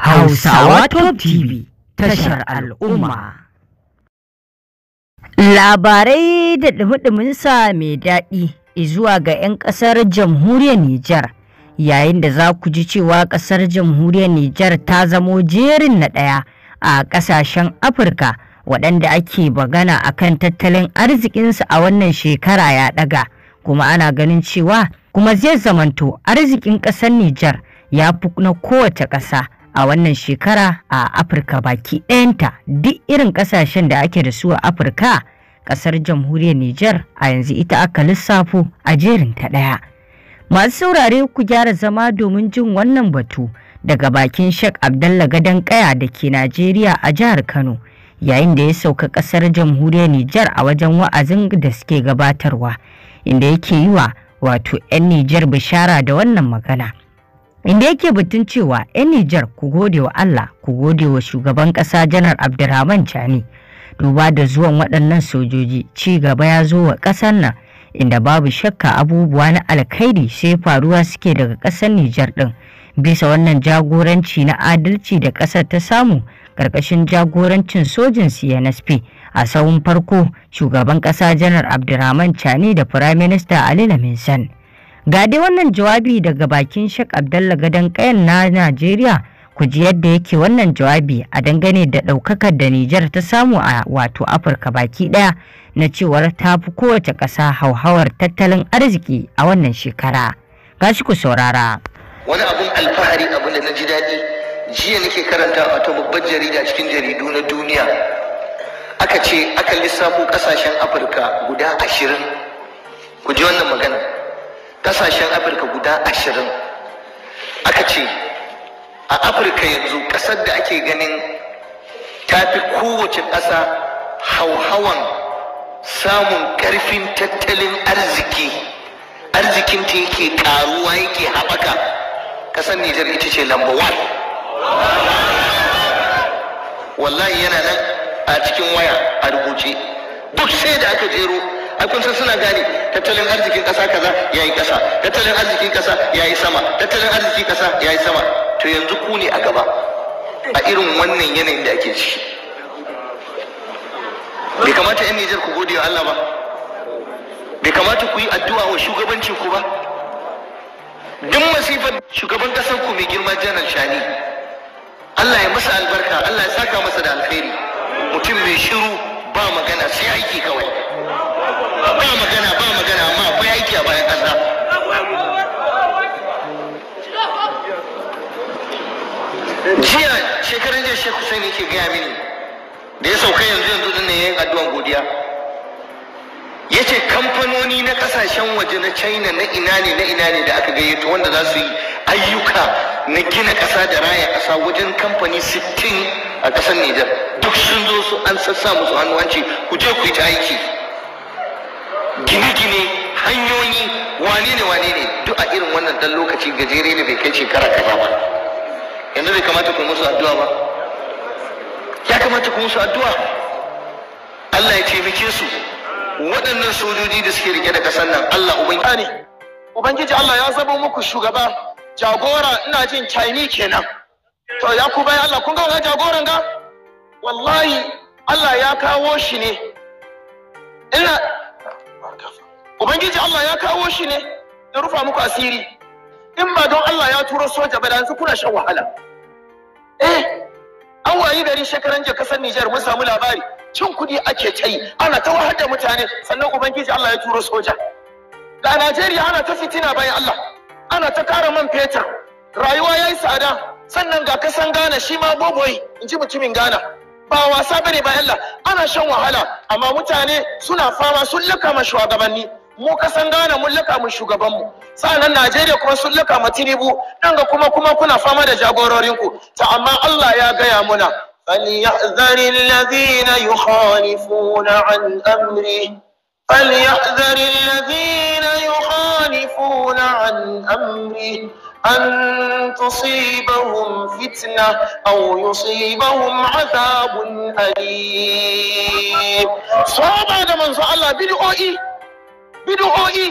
Hausawa Top TV tashar al'umma. Labarai da ɗumi mai daɗi zuwa ga 'yan ƙasar jamhuriyar Nijar yayin da za ku ji cewa ƙasar jamhuriyar Nijar ta zamo jerin na ɗaya a ƙasashen Afirka waɗanda ake a kan tattalin arzikinsu a wannan shekara ya ɗaga kuma ana ganin cewa kuma zai zamanto arzikin ƙasar Nijar ya fi na kowace ƙasa. a wannan shekara a Afirka baki ɗayanta duk irin ƙasashen da ake da su a Afirka ƙasar jamhuriyar Nijar a yanzu ita aka lissafo a jerin ta ɗaya. Masu saurare ku gyara zama domin jin wannan batu daga bakin Sheikh Abdallah Gadan Kaya da ke Najeriya a jihar Kano yayin da ya sauka ƙasar jamhuriyar Nijar a wajen wa'azin da suke gabatarwa inda yake yi wa wato 'yan Nijar bishara da wannan magana. inda yake batun cewa 'yan Nijar ku gode wa Allah ku gode wa shugaban ƙasa janar Abdurrahman Chani duba da zuwan waɗannan sojoji ci gaba ya zo wa ƙasar nan inda babu shakka abubuwa na alkhairi sai faruwa suke daga ƙasar Nijar ɗin bisa wannan jagoranci na adalci da ƙasar ta samu ƙarƙashin jagorancin sojin CNSP a sahun farko shugaban ƙasa janar Abdurrahman Chani da Firaminista Ali Laminsan. Ga dai wannan jawabi daga bakin Sheikh Abdallah Gadan Kayan na Najeriya ku ji yadda yake wannan jawabi a dangane da ɗaukakar da Nijar ta samu a wato Afirka baki ɗaya na cewar ta fi kowace kasa hauhawar tattalin arziki a wannan shekara. Gashi ku saurara. Wani abun alfahari abun da na ji daɗi jiya nake karanta a ta babbar jarida cikin jaridu na duniya aka ce aka lissafo kasashen Afirka guda ashirin ku ji wannan magana. ƙasashen afirka guda ashirin aka ce a afirka yanzu ƙasar da ake ganin ta fi kowace ƙasa hauhawan samun ƙarfin tattalin arziki arzikinta yake ƙaruwa yake haɓaka ƙasar nijar ita ce lamba wallahi yana nan a cikin waya a rubuce duk sai da aka jero ai kun san suna gane tattalin arzikin ƙasa kaza yayi ƙasa tattalin arzikin ƙasa yayi sama tattalin arzikin ƙasa yayi sama to yanzu ku ne a gaba a irin wannan yanayin da ake ciki bai kamata 'yan Nijar ku gode wa Allah ba bai kamata ku yi addu'a wa shugabancin ku ba duk masifan shugaban kasar ku mai girma janar shani Allah ya masa albarka Allah ya saka masa da alkhairi mutum mai shiru ba magana sai aiki kawai ba magana ba magana amma akwai aiki a bayan ƙasa jiya shekaran jiya shekku sai yake gaya mini da ya sauka yanzu yanzu din ne yayin addu'an godiya ya ce kamfanoni na kasashen waje na china na ina ne na ina ne da aka gayyato wanda za su yi ayyuka na gina ƙasa da raya ƙasa wajen kamfani 60 a ƙasar nijar duk sun zo su an sassa musu hannu an ce ku je ku yi ta aiki hanyoyi wane ne wane ne duk a irin wannan dan lokaci gajere ne bai kai shekara kaza ba yanzu bai kamata ku musu addu'a ba ya kamata ku musu addu'a Allah ya taimake su waɗannan sojoji da suke rike da ƙasar nan Allah ubangiji ubangiji Allah ya zabo muku shugaba jagora ina jin kyaini kenan to ya ku bai Allah kun ga wannan jagoran ga wallahi Allah ya kawo shi ne ina ubangiji Allah ya kawo shi ne ya rufa muku asiri in ba don Allah ya turo soja ba da yanzu kuna shan wahala eh an wayi dari shekaran jiya kasar Nijar mun samu labari cin kuɗi ake ta yi ana ta wahar da mutane sannan ubangiji Allah ya turo soja da Najeriya ana ta fitina bayan Allah ana ta kara man fetur rayuwa yayi tsada sannan ga kasan Ghana shi ma boboyi in ji mutumin Ghana ba wasa bane ba Allah ana shan wahala amma mutane suna fama sun lakama shugabanni mu kasan Ghana mun laka mun shugaban mu sanan Najeriya kuma sun laka mu Tinubu dan ga kuma kuma kuna fama da jagororin ku to amma Allah ya ga ya muna فليحذر الذين يخالفون عن أمره فليحذر الذين yukhalifuna an amri أن تصيبهم فتنة أو يصيبهم عذاب أليم صعب من الله بدي bid'o'i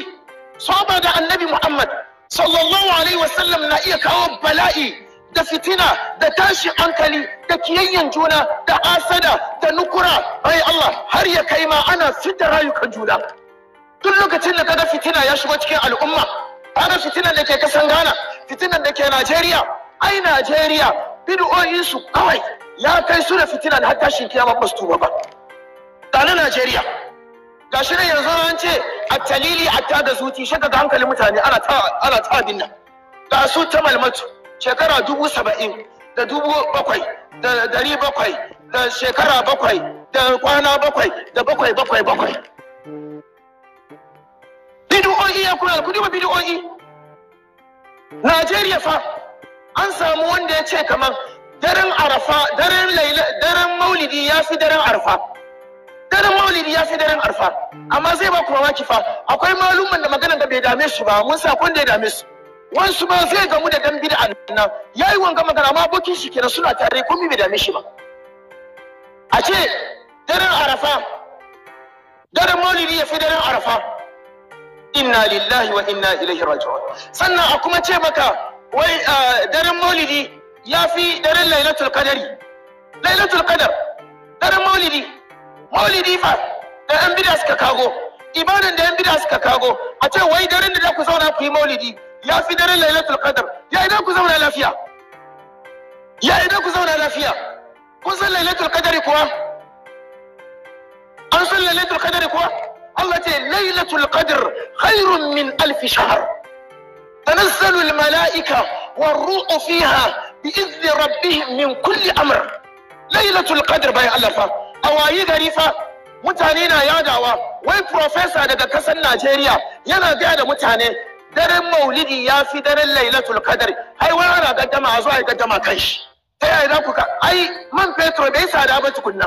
saba da annabi Muhammad sallallahu alaihi wasallam na iya kawo bala'i da fitina da tashin hankali da kiyayyen juna da asada da nukura ai Allah har ya kai ma ana fita rayukan juna duk lokacin da kaga fitina ya shigo cikin al'umma kaga fitinan da ke kasan Ghana fitinan da ke Najeriya ai Najeriya bid'o'in su kawai ya kai su da fitinan har tashin kiyama ba su tuba ba. Tare Najeriya, gashi ne yanzu an ce a talili a ta da zuci shaka ga hankalin mutane ana ta ana ta abin nan ga su ta malmatu shekara dubu saba'in da dubu bakwai da dari bakwai da shekara bakwai da kwana bakwai da bakwai bakwai bakwai bidiyoyi ya kula ku duba bidiyoyi Najeriya fa an samu wanda ya ce kamar daren arafa daren laila daren maulidi ya fi daren arafa ya sai daren arfa amma zai ba kuma waki fa akwai malumman da maganar da bai dame su ba mun sa kun da ya dame su wansu ma zai gamu da dan bid'a nan yayi wanga magana amma abokin shi kenan suna tare komai bai dame shi ba a ce daren arafa daren maulidi ya fi daren arafa inna lillahi wa inna ilaihi raji'un sannan a kuma ce maka wai daren maulidi ya fi daren lailatul qadari lailatul qadar daren maulidi maulidi fa da yan bida suka kago ibadan da yan bida suka kago a ce wai daren da za ku zauna ku yi maulidi ya fi daren lailatul qadr ya idan ku zauna lafiya ya idan ku zauna lafiya kun san lailatul qadr kuwa an san lailatul qadr kuwa Allah ce lailatul qadr khairun min alf shahr tanazzalu al malaika war ruhu fiha bi izni rabbihim min kulli amr lailatul qadr bai Allah fa awayi gari fa mutane na yadawa wai profesa daga kasar najeriya yana gaya da mutane daren maulidi ya fi daren lailatul qadr ai wai ana gaddama a zo ai gaddama kan shi ta yaya za ku ka ai man fetur bai sada ba tukunna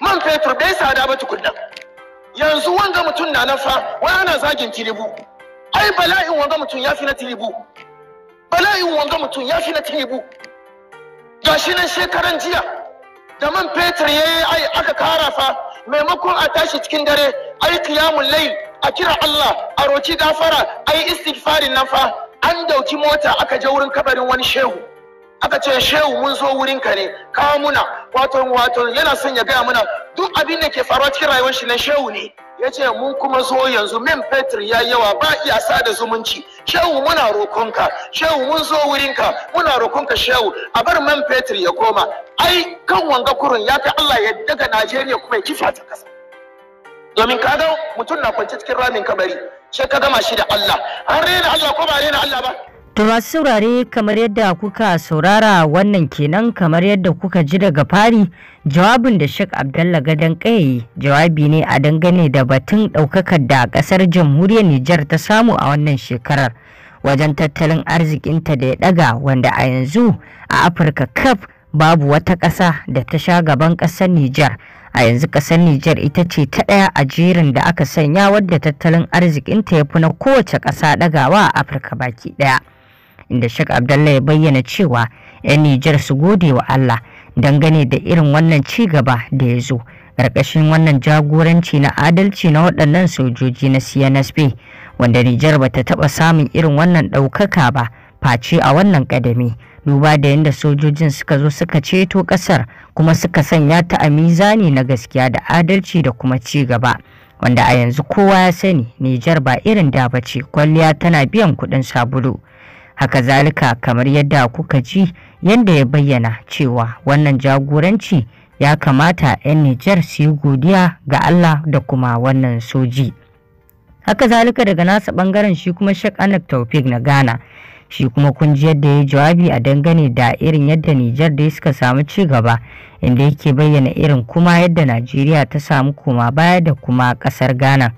man fetur bai sada ba tukunna yanzu wanga mutum na nafa wai ana zagin tilibu ai bala'in wanga mutum ya fi na tilibu bala'in wanga mutum ya fi na tilibu gashi nan shekaran jiya da man fetur ya yi aka kara fa maimakon a tashi cikin dare ai kiyamun layl a kira Allah a roci gafara ai istighfarin nan fa an dauki mota aka je wurin kabarin wani shehu aka ce shehu mun zo wurin ka ne kawo muna wato wato yana son ya gaya muna duk abin da ke faruwa cikin rayuwar shi na shehu ne ya ce mun kuma zo yanzu min fetur ya yawa ba iya sada zumunci shehu muna rokonka shehu mun zo ka, muna rokonka shehu a bar man fetur ya koma ai kan wanga kurun ya fi Allah ya daga Najeriya kuma ya kifa ta kasa domin ka ga mutum na kwance cikin ramin kabari sai ka gama shi da Allah an rena Allah ko ba rena Allah ba To masu saurare kamar yadda kuka saurara wannan kenan kamar yadda kuka ji daga fari jawabin da Sheikh Abdallah gadon kai jawabi ne a dangane da batun ɗaukakar da ƙasar jamhuriyar Nijar ta samu a wannan shekarar wajen tattalin arzikinta da ya ɗaga wanda a yanzu a Afirka kaf babu wata ƙasa da ta sha gaban ƙasar Nijar. a yanzu kasar Nijar ita ce ta ɗaya a jerin da aka sanya wadda tattalin arzikinta ya fi na kowace ƙasa ɗagawa a Afirka baki ɗaya. inda Sheikh Abdullahi ya bayyana cewa 'yan Nijar su gode wa Allah dangane da irin wannan ci gaba da ya zo ƙarƙashin wannan jagoranci na adalci na waɗannan sojoji na CNSP wanda Nijar ta taɓa samun irin wannan ɗaukaka ba face a wannan ƙadami duba da yadda sojojin suka zo suka ceto ƙasar kuma suka sanya ta a mizani na gaskiya da adalci da kuma ci gaba. wanda a yanzu kowa ya sani Nijar ba irin da bace kwalliya tana biyan kuɗin sabulu. haka zalika kamar yadda kuka ji yadda ya bayyana cewa wannan jagoranci ya kamata 'yan Nijar su yi godiya ga Allah da kuma wannan soji. Haka zalika daga nasa bangaren shi kuma Sheikh Anak Taufik na Ghana. Shi kuma kun ji yadda ya jawabi a dangane da irin yadda Nijar dai suka samu ci gaba inda yake bayyana irin kuma yadda Najeriya ta samu koma baya da kuma kasar Ghana.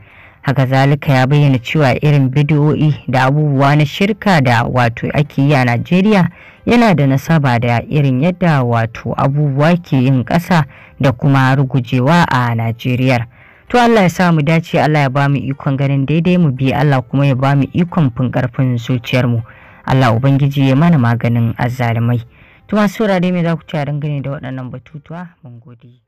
haka zalika ya bayyana cewa irin bidiyo'i da abubuwa na shirka da wato ake yi a najeriya yana da nasaba da irin yadda wato abubuwa ke yin ƙasa da kuma rugujewa a najeriya to allah ya sa mu dace allah ya bamu ikon ganin daidai mu bi allah kuma ya bamu ikon fin zuciyar zuciyarmu allah ubangiji ya mana maganin azzalumai to masu saurare me za ku ci a dangane da waɗannan batutuwa mun gode